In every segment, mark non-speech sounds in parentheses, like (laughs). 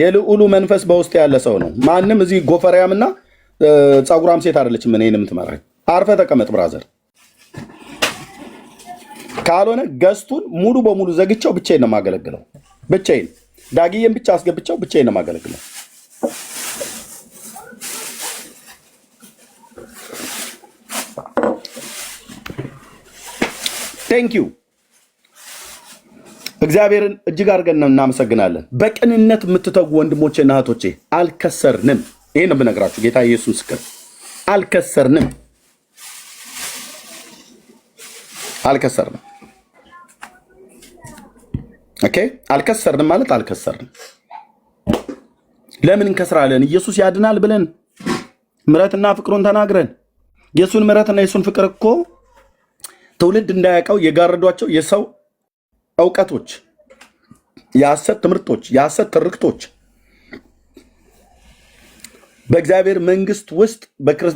የልዑሉ መንፈስ በውስጥ ያለ ሰው ነው። ማንም እዚህ ጎፈሪያምና ፀጉራም ሴት አይደለችም እኔን የምትመራኝ። አርፈ ተቀመጥ ብራዘር። ካልሆነ ገዝቱን ሙሉ በሙሉ ዘግቸው ብቻዬን ነው የማገለግለው። ብቻዬን ዳግዬን ብቻ አስገብቸው ብቻዬን ነው የማገለግለው። ቴንክ ዩ እግዚአብሔርን እጅግ አድርገን እናመሰግናለን። በቅንነት የምትተጉ ወንድሞቼና እህቶቼ አልከሰርንም። ይህን ነው ብነግራችሁ ጌታ ኢየሱስ ምስክር፣ አልከሰርንም፣ አልከሰርንም። ኦኬ አልከሰርንም ማለት አልከሰርንም። ለምን እንከስራለን? ኢየሱስ ያድናል ብለን ምሕረትና ፍቅሩን ተናግረን የእሱን ምሕረትና የእሱን ፍቅር እኮ ትውልድ እንዳያውቀው የጋረዷቸው የሰው እውቀቶች፣ የሐሰት ትምህርቶች፣ የሐሰት ትርክቶች በእግዚአብሔር መንግስት ውስጥ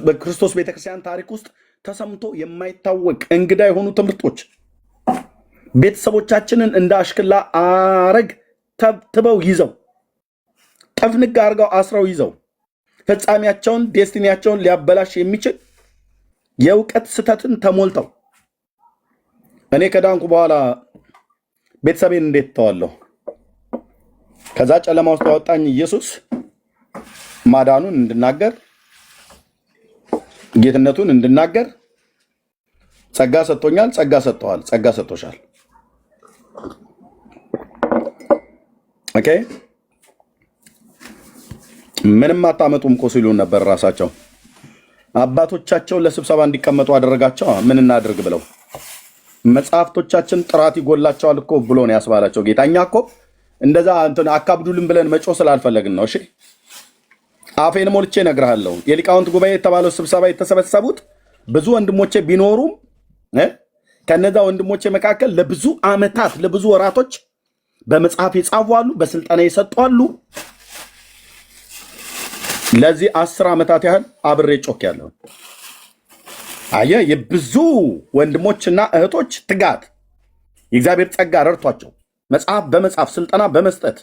በክርስቶስ ቤተክርስቲያን ታሪክ ውስጥ ተሰምቶ የማይታወቅ እንግዳ የሆኑ ትምህርቶች ቤተሰቦቻችንን እንደ አሽክላ አረግ ተብትበው ይዘው ጠፍንግ አድርገው አስረው ይዘው ፍጻሜያቸውን ዴስቲኒያቸውን ሊያበላሽ የሚችል የእውቀት ስህተትን ተሞልተው እኔ ከዳንኩ በኋላ ቤተሰቤን እንዴት ተዋለሁ? ከዛ ጨለማ ውስጥ ያወጣኝ ኢየሱስ ማዳኑን እንድናገር ጌትነቱን እንድናገር ጸጋ ሰጥቶኛል። ጸጋ ሰጥተዋል። ጸጋ ሰጥቶሻል። ኦኬ ምንም አታመጡም እኮ ሲሉን ነበር። ራሳቸው አባቶቻቸው ለስብሰባ እንዲቀመጡ አደረጋቸው። ምን እናድርግ ብለው መጽሐፍቶቻችን ጥራት ይጎላቸዋል እኮ ብሎ ነው ያስባላቸው ጌታ። እኛ እኮ እንደዛ እንትን አካብዱልን ብለን መጮ ስላልፈለግን ነው። እሺ አፌን ሞልቼ እነግርሃለሁ። የሊቃውንት ጉባኤ የተባለው ስብሰባ የተሰበሰቡት ብዙ ወንድሞቼ ቢኖሩም ከነዛ ወንድሞቼ መካከል ለብዙ ዓመታት ለብዙ ወራቶች በመጽሐፍ የጻፉ አሉ፣ በስልጠና የሰጡ አሉ። ለዚህ አስር ዓመታት ያህል አብሬ ጮክ ያለሁ አየ የብዙ ወንድሞችና እህቶች ትጋት የእግዚአብሔር ጸጋ ረድቷቸው መጽሐፍ በመጽሐፍ ስልጠና በመስጠት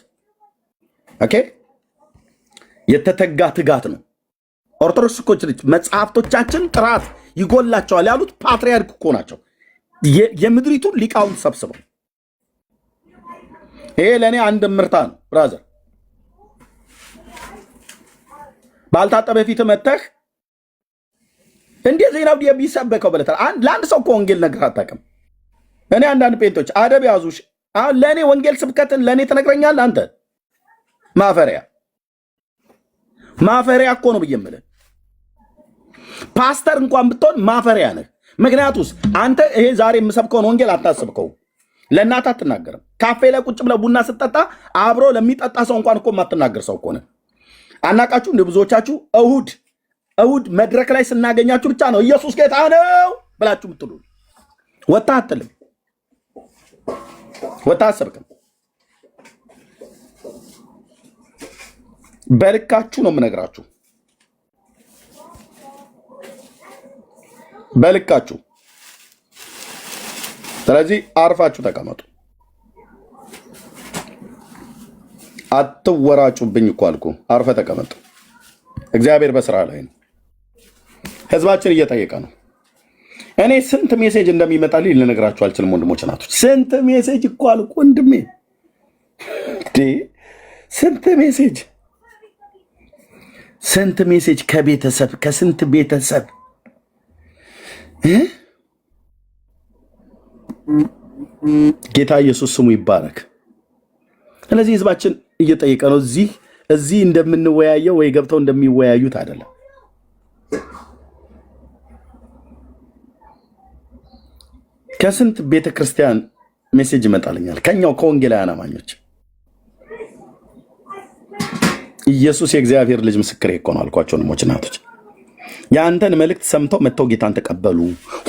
ኦኬ የተተጋ ትጋት ነው። ልጅ መጽሐፍቶቻችን ጥራት ይጎላቸዋል ያሉት ፓትሪያርክ እኮ ናቸው። የምድሪቱን ሊቃውንት ሰብስበው ይሄ ለእኔ አንድ ምርታ ነው። ብራዘር ባልታጠበ ፊት መተህ እንዴት ዜና የሚሰበከው ብለታል። ለአንድ ሰው እኮ ወንጌል ነግረህ አታውቅም። እኔ አንዳንድ ጴንቶች አደብ ያዙሽ። አሁን ለእኔ ወንጌል ስብከትን ለእኔ ትነግረኛለህ አንተ? ማፈሪያ ማፈሪያ እኮ ነው ብዬ የምልህ። ፓስተር እንኳን ብትሆን ማፈሪያ ነህ። ምክንያቱስ አንተ ይሄ ዛሬ የምሰብከውን ወንጌል አታስብከው፣ ለእናትህ አትናገርም። ካፌ ላይ ቁጭ ብለህ ቡና ስጠጣ አብሮ ለሚጠጣ ሰው እንኳን እኮ የማትናገር ሰው እኮ ነህ። አናቃችሁ እንደ ብዙዎቻችሁ እሁድ እውድ መድረክ ላይ ስናገኛችሁ ብቻ ነው ኢየሱስ ጌታ ነው ብላችሁ ምትሉ። ወታ አትልም፣ ወታ አትሰርቅም። በልካችሁ ነው የምነግራችሁ፣ በልካችሁ። ስለዚህ አርፋችሁ ተቀመጡ። አትወራጩብኝ እኮ አልኩ። አርፈ ተቀመጡ። እግዚአብሔር በስራ ላይ ነው። ህዝባችን እየጠየቀ ነው። እኔ ስንት ሜሴጅ እንደሚመጣልኝ ልነግራችሁ አልችልም። ወንድሞች ናቶች፣ ስንት ሜሴጅ እኮ አልኩ ወንድሜ፣ ስንት ሜሴጅ ስንት ሜሴጅ ከቤተሰብ ከስንት ቤተሰብ ጌታ ኢየሱስ ስሙ ይባረክ። ስለዚህ ህዝባችን እየጠየቀ ነው። እዚህ እዚህ እንደምንወያየው ወይ ገብተው እንደሚወያዩት አይደለም። ከስንት ቤተ ክርስቲያን ሜሴጅ ይመጣልኛል ከኛው ከወንጌላውያን አማኞች ኢየሱስ የእግዚአብሔር ልጅ ምስክር እኮ ነው አልኳቸው። ወንድሞች እናቶች፣ የአንተን መልእክት ሰምተው መጥተው ጌታን ተቀበሉ።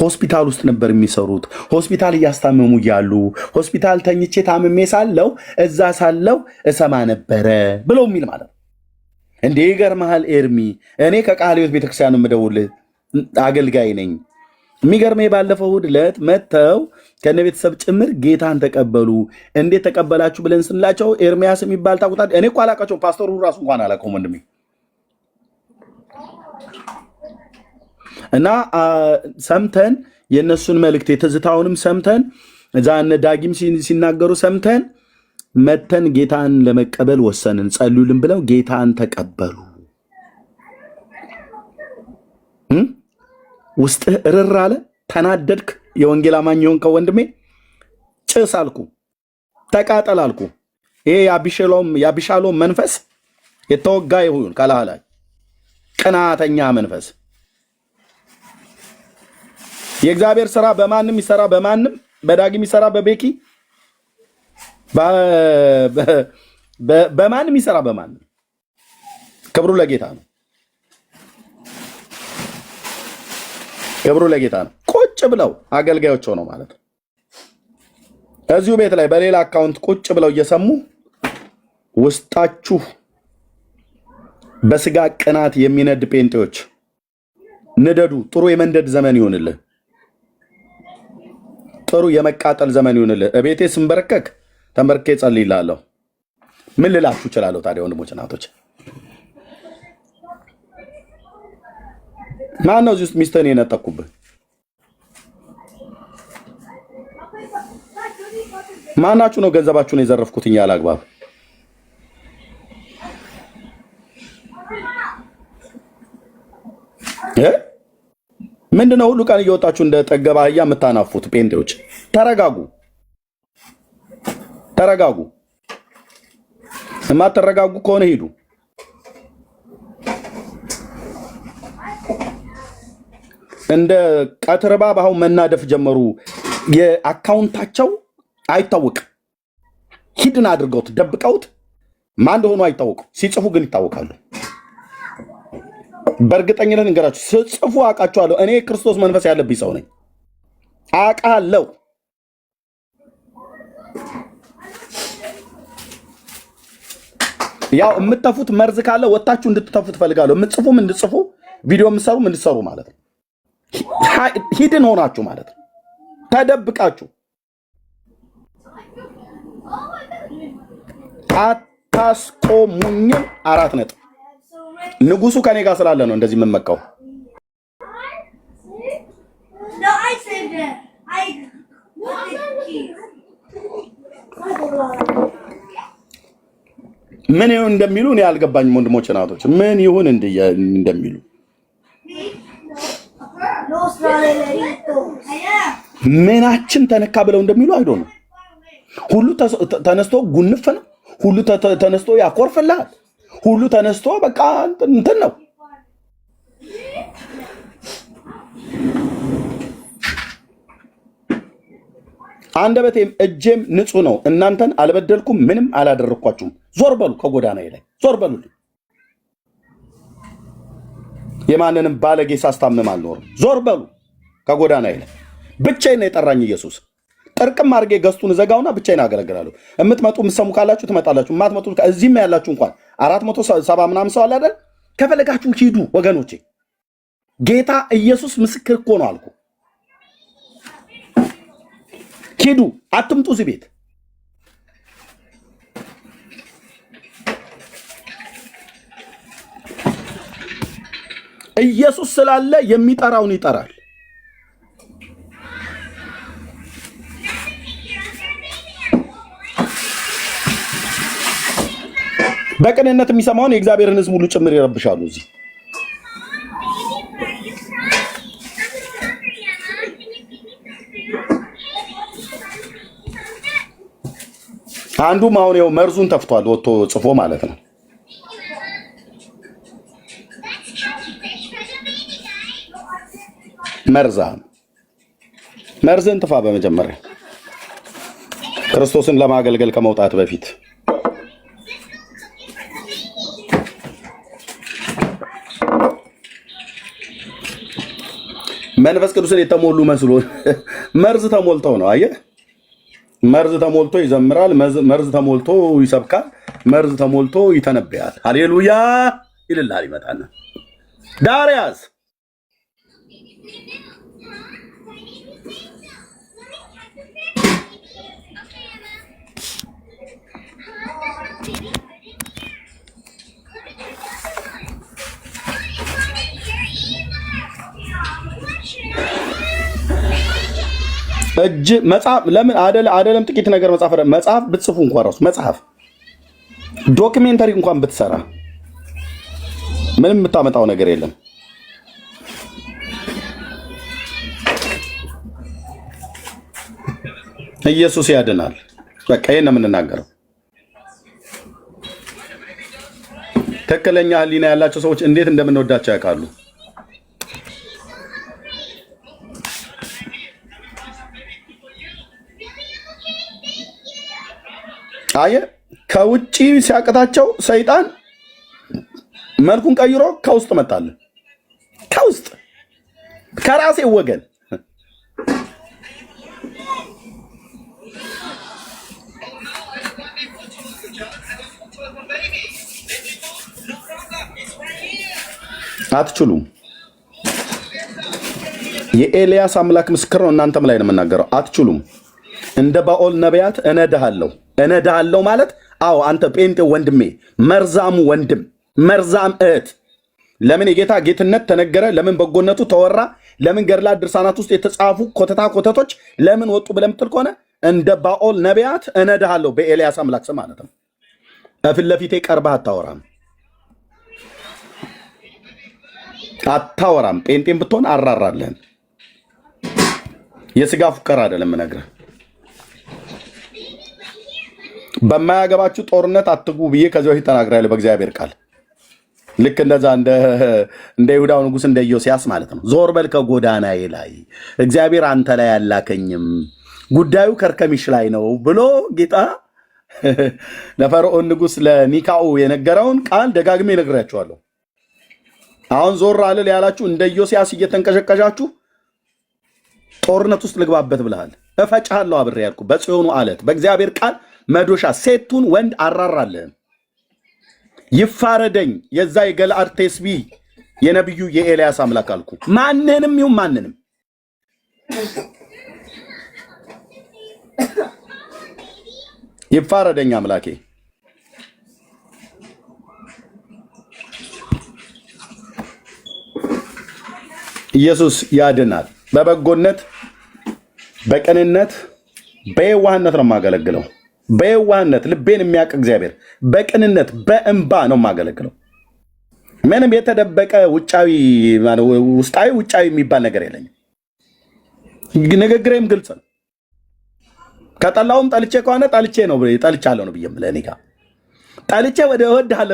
ሆስፒታል ውስጥ ነበር የሚሰሩት። ሆስፒታል እያስታመሙ እያሉ ሆስፒታል ተኝቼ ታምሜ ሳለው እዛ ሳለው እሰማ ነበረ ብለው የሚል ማለት ነው። እንዴ ይገርመሃል ኤርሚ፣ እኔ ከቃለ ሕይወት ቤተክርስቲያን የምደውል አገልጋይ ነኝ። የሚገርመኝ ባለፈው እሑድ ዕለት መጥተው ከነ ቤተሰብ ጭምር ጌታን ተቀበሉ። እንዴት ተቀበላችሁ ብለን ስንላቸው ኤርሚያስ የሚባል ታቁታ እኔ እኮ አላቃቸውም። ፓስተሩ ራሱ እንኳን አላቀውም ወንድሜ እና ሰምተን የእነሱን መልእክት የትዝታውንም ሰምተን እዛ እነ ዳጊም ሲናገሩ ሰምተን መተን ጌታን ለመቀበል ወሰንን። ጸልዩልን ብለው ጌታን ተቀበሉ። ውስጥህ እርር አለ፣ ተናደድክ። የወንጌል አማኝ የሆንከው ወንድሜ ጭስ አልኩ፣ ተቃጠል አልኩ። ይሄ የአቢሻሎም መንፈስ የተወጋ ይሁን ከላህ ላይ ቅናተኛ መንፈስ የእግዚአብሔር ስራ በማንም ይሰራ በማንም በዳግም ይሰራ በቤኪ በማንም ይሰራ በማንም ክብሩ ለጌታ ነው። ክብሩ ለጌታ ነው። ቁጭ ብለው አገልጋዮች ሆነው ማለት ነው እዚሁ ቤት ላይ በሌላ አካውንት ቁጭ ብለው እየሰሙ ውስጣችሁ በስጋ ቅናት የሚነድ ጴንጤዎች ንደዱ። ጥሩ የመንደድ ዘመን ይሆንልህ። ጥሩ የመቃጠል ዘመን ይሆንልህ። እቤቴ ስንበረከክ ተንበርኬ ጸልይላለሁ። ምን ልላችሁ እችላለሁ ታዲያ ወንድሞች እናቶች? ማን ነው እዚህ ውስጥ ሚስትህን የነጠቅኩብህ? ማናችሁ ነው ገንዘባችሁን የዘረፍኩትኝ ያለ አግባብ? ምንድነው ሁሉ ቀን እየወጣችሁ እንደ ጠገባ አህያ የምታናፉት? ጴንጤዎች ተረጋጉ፣ ተረጋጉ። የማትረጋጉ ከሆነ ሂዱ። እንደ ቀትር እባብ አሁን መናደፍ ጀመሩ። የአካውንታቸው አይታወቅም። ሂድን አድርገውት ደብቀውት ማን እንደሆኑ አይታወቁ። ሲጽፉ ግን ይታወቃሉ። በእርግጠኝነት እንገራችሁ ስጽፉ አውቃችኋለሁ። እኔ ክርስቶስ መንፈስ ያለብኝ ሰው ነኝ። አውቃለሁ። ያው የምትተፉት መርዝ ካለ ወታችሁ እንድትተፉ ትፈልጋለሁ። የምትጽፉም እንድጽፉ ቪዲዮ የምትሰሩም እንድትሰሩ ማለት ነው። ሂድን ሆናችሁ ማለት ነው። ተደብቃችሁ አታስቆሙኝም። አራት ነጥብ። ንጉሱ ከኔ ጋር ስላለ ነው እንደዚህ የምመቀው። ምን ይሁን እንደሚሉ እኔ አልገባኝም። ወንድሞች እናቶች ምን ይሁን እንደሚሉ ምናችን ተነካ ብለው እንደሚሉ አይዶ ነው። ሁሉ ተነስቶ ጉንፍ ነው። ሁሉ ተነስቶ ያኮርፍልሃል። ሁሉ ተነስቶ በቃ እንትን ነው። አንደበቴም እጄም ንጹህ ነው። እናንተን አልበደልኩም፣ ምንም አላደረግኳችሁም። ዞር በሉ፣ ከጎዳና ላይ ዞር በሉልኝ። የማንንም ባለጌ ሳስታምም አልኖርም። ዞር በሉ ከጎዳና ይለ ብቻዬን ነው የጠራኝ ኢየሱስ። ጥርቅም አድርጌ ገዝቱን እዘጋውና ብቻዬን አገለግላለሁ። የምትመጡ የምትሰሙ ካላችሁ ትመጣላችሁ። የማትመጡ እዚህም ያላችሁ እንኳን አራት መቶ ሰባ ምናምን ሰው አይደል? ከፈለጋችሁ ሂዱ ወገኖቼ። ጌታ ኢየሱስ ምስክር እኮ ነው አልኩ። ሂዱ፣ አትምጡ እዚህ ቤት ኢየሱስ ስላለ የሚጠራውን ይጠራል። በቅንነት የሚሰማውን የእግዚአብሔርን ሕዝብ ሁሉ ጭምር ይረብሻሉ። እዚህ አንዱም አሁን ይኸው መርዙን ተፍቷል፣ ወጥቶ ጽፎ ማለት ነው። መርዛ መርዝን ጥፋ። በመጀመሪያ ክርስቶስን ለማገልገል ከመውጣት በፊት መንፈስ ቅዱስን የተሞሉ መስሎ (laughs) መርዝ ተሞልተው ነው። አየህ፣ መርዝ ተሞልቶ ይዘምራል፣ መርዝ ተሞልቶ ይሰብካል፣ መርዝ ተሞልቶ ይተነብያል። ሃሌሉያ ይልልሃል፣ ይመጣል ዳርያስ እጅ መጽሐፍ ለምን አደለ አደለም ጥቂት ነገር መጽሐፍ መጽሐፍ ብትጽፉ እንኳን ራሱ መጽሐፍ ዶክሜንተሪ እንኳን ብትሰራ ምንም የምታመጣው ነገር የለም። ኢየሱስ ያድናል። በቃ ይሄን ነው የምንናገረው። ትክክለኛ ሕሊና ያላቸው ሰዎች እንዴት እንደምንወዳቸው ያውቃሉ። አየ ከውጪ ሲያቅታቸው ሰይጣን መልኩን ቀይሮ ከውስጥ መጣልን። ከውስጥ ከራሴ ወገን አትችሉም። የኤልያስ አምላክ ምስክር ነው። እናንተም ላይ ነው የምናገረው። አትችሉም። እንደ ባኦል ነቢያት እነዳሃለሁ እነዳሃለሁ ማለት አዎ፣ አንተ ጴንጤ ወንድሜ፣ መርዛሙ ወንድም፣ መርዛም እህት። ለምን የጌታ ጌትነት ተነገረ? ለምን በጎነቱ ተወራ? ለምን ገድላ ድርሳናት ውስጥ የተጻፉ ኮተታ ኮተቶች ለምን ወጡ ብለህ የምትል ከሆነ እንደ ባኦል ነቢያት እነዳሃለሁ በኤልያስ አምላክ ስም ማለት ነው። ከፊት ለፊቴ ቀርበህ አታወራም። አታወራም። ጴንጤን ብትሆን አራራለን። የስጋ ፉቀር አይደለም እነግርህ። በማያገባችሁ ጦርነት አትጉ ብዬ ከዚህ በፊት ተናግራለሁ በእግዚአብሔር ቃል። ልክ እንደዛ እንደ (laughs) ይሁዳው ንጉስ እንደ ኢዮስያስ ማለት ነው። ዞር በል ከጎዳናዬ ላይ እግዚአብሔር አንተ ላይ አላከኝም፣ ጉዳዩ ከርከሚሽ ላይ ነው ብሎ ጌታ (laughs) ለፈርዖን ንጉስ ለኒካኡ የነገረውን ቃል ደጋግሜ እነግራችኋለሁ። አሁን ዞር አልል ያላችሁ እንደ ኢዮስያስ እየተንቀሸቀሻችሁ ጦርነት ውስጥ ልግባበት ብለሃል። እፈጫለሁ አብሬ ያልኩ በጽዮኑ አለት በእግዚአብሔር ቃል መዶሻ ሴቱን ወንድ አራራለህም። ይፋረደኝ የዛ የገልአድ ቴስቢ የነቢዩ የኤልያስ አምላክ አልኩ። ማንንም ይሁን ማንንም ይፋረደኝ አምላኬ ኢየሱስ ያድናል። በበጎነት በቅንነት በየዋህነት ነው የማገለግለው። በየዋህነት ልቤን የሚያውቅ እግዚአብሔር በቅንነት በእንባ ነው የማገለግለው። ምንም የተደበቀ ውጫዊ ውስጣዊ ውጫዊ የሚባል ነገር የለኝም። ንግግሬም ግልጽ ነው። ከጠላውም ጠልቼ ከሆነ ጠልቼ ነው ጠልቻለሁ ነው ብዬ ምለ ጠልቼ ወደ አለ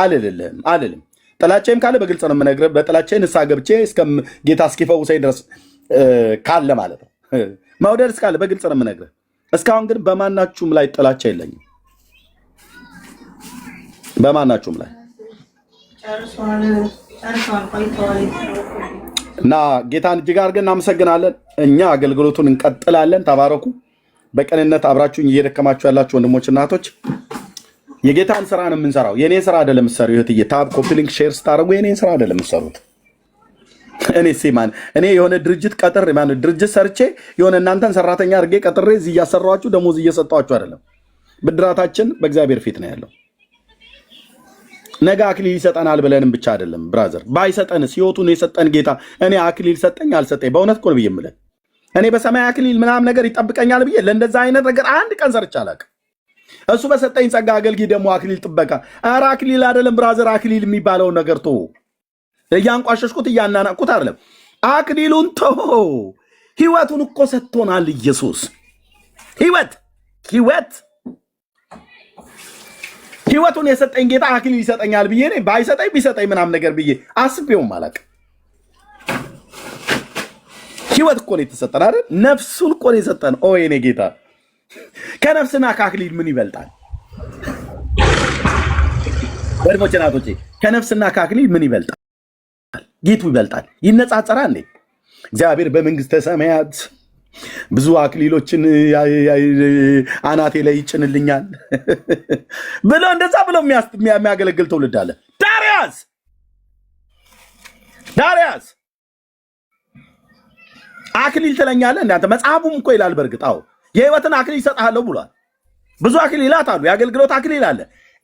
አልልልም አልልም ጥላቻም ካለ በግልጽ ነው የምነግርህ። በጥላቻ ንስሐ ገብቼ ጌታ እስኪፈውሰኝ ድረስ ካለ ማለት ነው። መውደድስ ካለ በግልጽ ነው የምነግርህ። እስካሁን ግን በማናችሁም ላይ ጥላቻ የለኝም። በማናችሁም ላይ እና ጌታን እጅግ አድርገን እናመሰግናለን። እኛ አገልግሎቱን እንቀጥላለን። ተባረኩ። በቅንነት አብራችሁን እየደከማችሁ ያላችሁ ወንድሞች እናቶች የጌታን ስራ ነው የምንሰራው። የእኔ ስራ አይደለም የምትሰሩ። ይኸውትዬ ታብ ኮፒሊንክ ሼር ስታደርጉ የእኔን ስራ አይደለም የምትሰሩት። እኔ ማን እኔ የሆነ ድርጅት ቀጥር ማነው ድርጅት ሰርቼ የሆነ እናንተን ሰራተኛ አድርጌ ቀጥሬ እዚህ እያሰራኋችሁ ደሞዝ እየሰጠኋችሁ አይደለም። ብድራታችን በእግዚአብሔር ፊት ነው ያለው። ነገ አክሊል ይሰጠናል ብለንም ብቻ አይደለም ብራዘር። ባይሰጠንስ ህይወቱን የሰጠን ጌታ እኔ አክሊል ሰጠኝ አልሰጠኝ በእውነት እኮ ነው ብዬ የምልህ እኔ በሰማይ አክሊል ምናምን ነገር ይጠብቀኛል ብዬ ለእንደዛ አይነት ነገር አንድ ቀን ሰርቼ አላውቅም። እሱ በሰጠኝ ጸጋ አገልጊ ደግሞ አክሊል ጥበቃ። ኧረ አክሊል አይደለም ብራዘር፣ አክሊል የሚባለውን ነገር ተው። እያንቋሸሽኩት እያናናቅኩት አይደለም፣ አክሊሉን ተው። ህይወቱን እኮ ሰጥቶናል ኢየሱስ። ህይወት ህይወት ህይወቱን የሰጠኝ ጌታ አክሊል ይሰጠኛል ብዬ እኔ ባይሰጠኝ ቢሰጠኝ ምናምን ነገር ብዬ አስቤውም አላውቅም። ህይወት እኮ ነው የተሰጠን አይደል? ነፍሱን እኮ ነው የሰጠን። ኦ የኔ ጌታ ከነፍስና ከአክሊል ምን ይበልጣል? ወድሞቼ ናቶቼ ከነፍስና ከአክሊል ምን ይበልጣል? ጌቱ ይበልጣል። ይነጻጸራል እንዴ? እግዚአብሔር በመንግስተ ሰማያት ብዙ አክሊሎችን አናቴ ላይ ይጭንልኛል (laughs) ብሎ እንደዛ ብሎ የሚያገለግል ትውልድ አለ። ዳርያስ ዳርያስ አክሊል ትለኛለህ እንዳንተ መጽሐፉም እኮ ይላል። በእርግጥ አዎ የህይወትን አክሊል ይሰጥሃለሁ ብሏል። ብዙ አክሊላት አሉ። የአገልግሎት አክሊል አለ።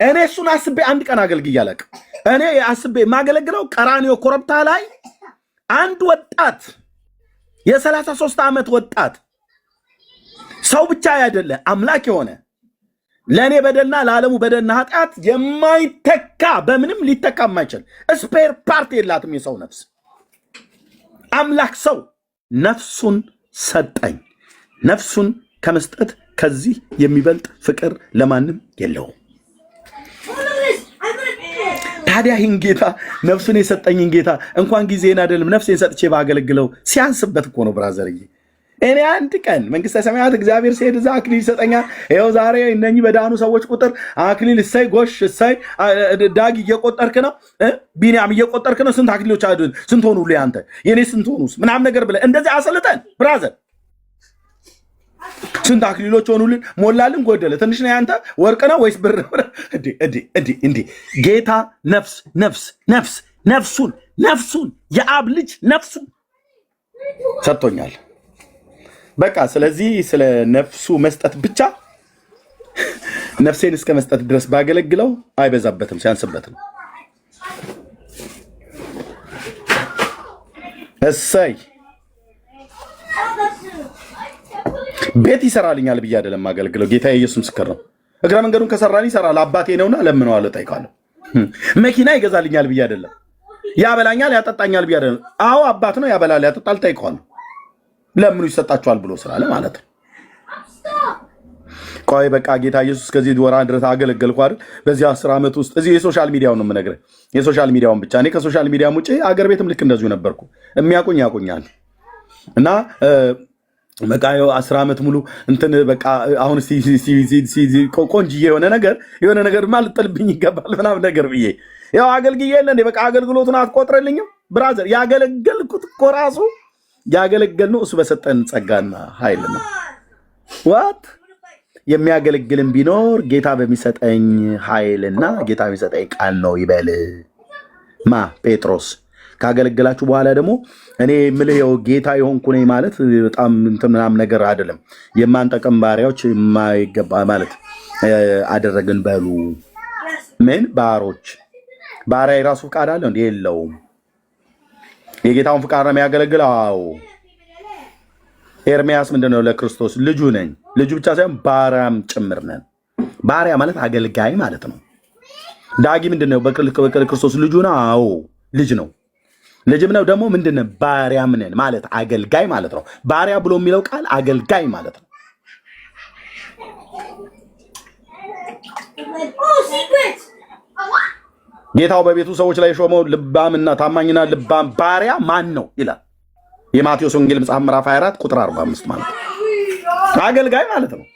እኔ እሱን አስቤ አንድ ቀን አገልግዬ አላውቅም። እኔ አስቤ የማገለግለው ቀራኒዮ ኮረብታ ላይ አንድ ወጣት የሰላሳ ሶስት ዓመት ወጣት ሰው ብቻ ያደለ አምላክ የሆነ ለእኔ በደልና ለዓለሙ በደልና ኃጢአት የማይተካ በምንም ሊተካ የማይችል ስፔር ፓርት የላትም የሰው ነፍስ አምላክ ሰው ነፍሱን ሰጠኝ። ነፍሱን ከመስጠት ከዚህ የሚበልጥ ፍቅር ለማንም የለውም። ታዲያ ይህን ጌታ ነፍሱን የሰጠኝን ጌታ እንኳን ጊዜን አይደለም ነፍሴን ሰጥቼ ባገለግለው ሲያንስበት እኮ ነው ብራዘርዬ። እኔ አንድ ቀን መንግስተ ሰማያት እግዚአብሔር ሲሄድ እዛ አክሊል ይሰጠኛል። ይኸው ዛሬ እነኚህ በዳኑ ሰዎች ቁጥር አክሊል እሰይ፣ ጎሽ እሰይ፣ ዳግ እየቆጠርክ ነው፣ ቢኒያም እየቆጠርክ ነው። ስንት አክሊሎች ስንት ሆኑ ሁሉ ያንተ የኔ ስንት ሆኑ ምናምን ነገር ብለህ እንደዚህ አሰልጠን ብራዘር ስንት አክሊሎች ሆኑልን፣ ሞላልን፣ ጎደለ። ትንሽ ነው ያንተ ወርቅ ነው ወይስ ብር? እንዴ ጌታ ነፍስ ነፍስ ነፍስ ነፍሱን ነፍሱን የአብ ልጅ ነፍሱን ሰጥቶኛል። በቃ ስለዚህ ስለ ነፍሱ መስጠት ብቻ ነፍሴን እስከ መስጠት ድረስ ባገለግለው አይበዛበትም፣ ሲያንስበትም። እሰይ ቤት ይሰራልኛል ብዬ አይደለም አገልግለው ጌታ የኢየሱስ ምስክር ነው። እግረ መንገዱን ከሰራን ይሰራል። አባቴ ነውና ለምነዋለሁ፣ ጠይቃለሁ። hm። መኪና ይገዛልኛል ብዬ አይደለም። ያበላኛል፣ ያጠጣኛል ብዬ አይደለም። አዎ አባት ነው። ያበላል፣ ያጠጣል፣ ጠይቀዋለሁ። ለምኑ ይሰጣችኋል ብሎ ስላለ ማለት ነው። ቆይ በቃ ጌታ ኢየሱስ ከዚህ ወራ ድረስ አገለገልኩ አይደል? በዚህ አስር ዓመት ውስጥ እዚህ የሶሻል ሚዲያውን ነው የምነግርህ፣ የሶሻል ሚዲያውን ብቻ። እኔ ከሶሻል ሚዲያም ውጭ አገር ቤትም ልክ እንደዚሁ ነበርኩ። የሚያቆኝ ያቆኛል እና በቃ አስር ዓመት ሙሉ እንትን በቃ አሁን ቆንጅዬ የሆነ ነገር የሆነ ነገር ልጥልብኝ ይገባል ምናምን ነገር ብዬ ያው አገልግዬ የለ በቃ አገልግሎቱን አትቆጥረልኝም ብራዘር። ያገለገልኩት እኮ ራሱ ያገለገልነው እሱ በሰጠን ጸጋና ኃይል ነው። ዋት የሚያገለግልን ቢኖር ጌታ በሚሰጠኝ ኃይልና ጌታ በሚሰጠኝ ቃል ነው ይበል ማ ጴጥሮስ ካገለገላችሁ በኋላ ደግሞ እኔ የምልህ ው ጌታ የሆንኩ ነኝ ማለት በጣም እንትን ምናምን ነገር አይደለም። የማንጠቀም ባሪያዎች የማይገባ ማለት አደረግን በሉ ምን ባሮች ባሪያ የራሱ ፍቃድ አለው እንዲ የለውም። የጌታውን ፍቃድ ነው የሚያገለግል። አዎ ኤርሚያስ ምንድን ነው ለክርስቶስ ልጁ ነኝ። ልጁ ብቻ ሳይሆን ባሪያም ጭምር ነን። ባሪያ ማለት አገልጋይ ማለት ነው። ዳጊ ምንድን ነው? በክርስቶስ ልጁ ነው። አዎ ልጅ ነው። ለጀብናው ደግሞ ምንድን ባሪያም ነን ማለት አገልጋይ ማለት ነው። ባሪያ ብሎ የሚለው ቃል አገልጋይ ማለት ነው። ጌታው በቤቱ ሰዎች ላይ ሾመው ልባምና ታማኝና ልባም ባሪያ ማን ነው ይላል። የማቴዎስ ወንጌል መጽሐፍ ምዕራፍ 24 ቁጥር 45 ማለት ነው። አገልጋይ ማለት ነው።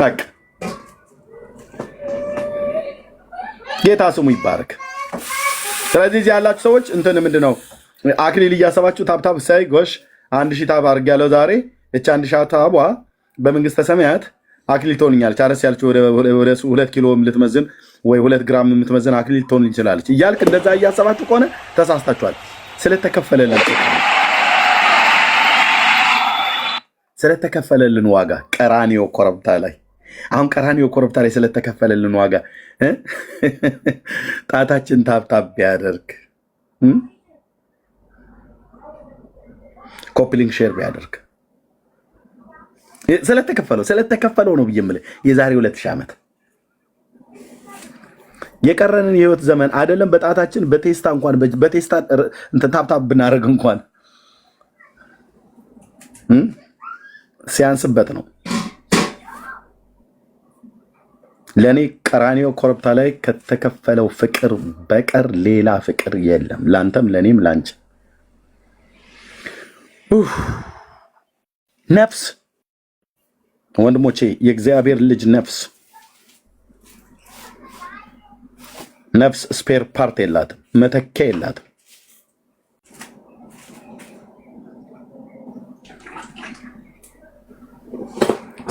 በቃ ጌታ ስሙ ይባረክ። ስለዚህ እዚህ ያላችሁ ሰዎች እንትን ምንድን ነው አክሊል እያሰባችሁ ታብታብ ሳይ ጎሽ አንድ ሺህ ታብ ያለው ዛሬ። እች አንድ ሺህ ታቧ በመንግስተ ሰማያት አክሊል ትሆንኛለች። አረስ ያለች ወደ ሁለት ኪሎ ልትመዝን ወይ ሁለት ግራም የምትመዝን አክሊል ትሆን ይችላለች እያልክ እንደዛ እያሰባችሁ ከሆነ ተሳስታችኋል። ስለተከፈለልን ስለተከፈለልን ዋጋ ቀራንዮ ኮረብታ ላይ አሁን ቀራኔው ኮረብታ ላይ ስለተከፈለልን ዋጋ ጣታችን ታብታብ ቢያደርግ ኮፕሊንግ ሼር ቢያደርግ ስለተከፈለው ስለተከፈለው ነው ብዬ የምልህ የዛሬ ሁለት ሺህ ዓመት የቀረንን የህይወት ዘመን አይደለም በጣታችን በቴስታ እንኳን በቴስታ ታብታብ ብናደርግ እንኳን ሲያንስበት ነው። ለእኔ ቀራኒዮ ኮረብታ ላይ ከተከፈለው ፍቅር በቀር ሌላ ፍቅር የለም። ለአንተም ለእኔም ላንች ነፍስ ወንድሞቼ፣ የእግዚአብሔር ልጅ ነፍስ ነፍስ ስፔር ፓርት የላትም፣ መተኪያ የላትም።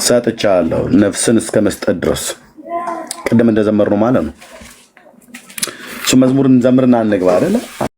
ሰጥቻለሁ ነፍስን እስከ መስጠት ድረስ ቅድም እንደዘመር ነው ማለት ነው። እሱ መዝሙር እንዘምርና እንግባ